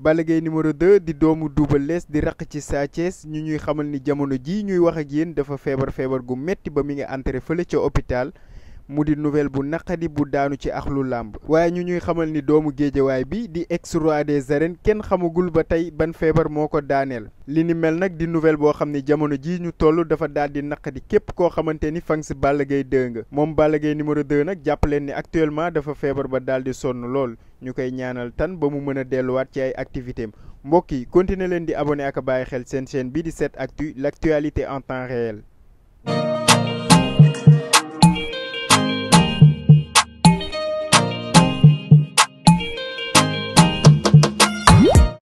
Balla Gaye numéro 2 di doomu Double Less di raq ci Sa Thiès ñu ñuy xamal ni jamono ji ñuy wax ak yéen dafa feebar feebar gu metti ba mi ngi entré fële ca hôpital mu di nouvelle bu naqadi bu daanu ci axlu làmb waaye ñu ñuy xamal ni doomu géejawaay bi di ex roi des arènes kenn xamagul ba tey ban feebar moo ko daaneel li ni mel nag di nouvelle boo xam ni jamono jii ñu toll dafa daal di naqadi képp koo xamante ni fans Balla Gaye 2 nga moom Balla Gaye numéro 2 nag jàpp leen ni actuellement dafa feebar ba daal di sonn lool ñu koy ñaanal tan ba mu mën a delluwaat ci ay activité am mbokk yi continuer leen di abonné ak bàyyi xel seen chaîne bi di 7actu l' en temps réel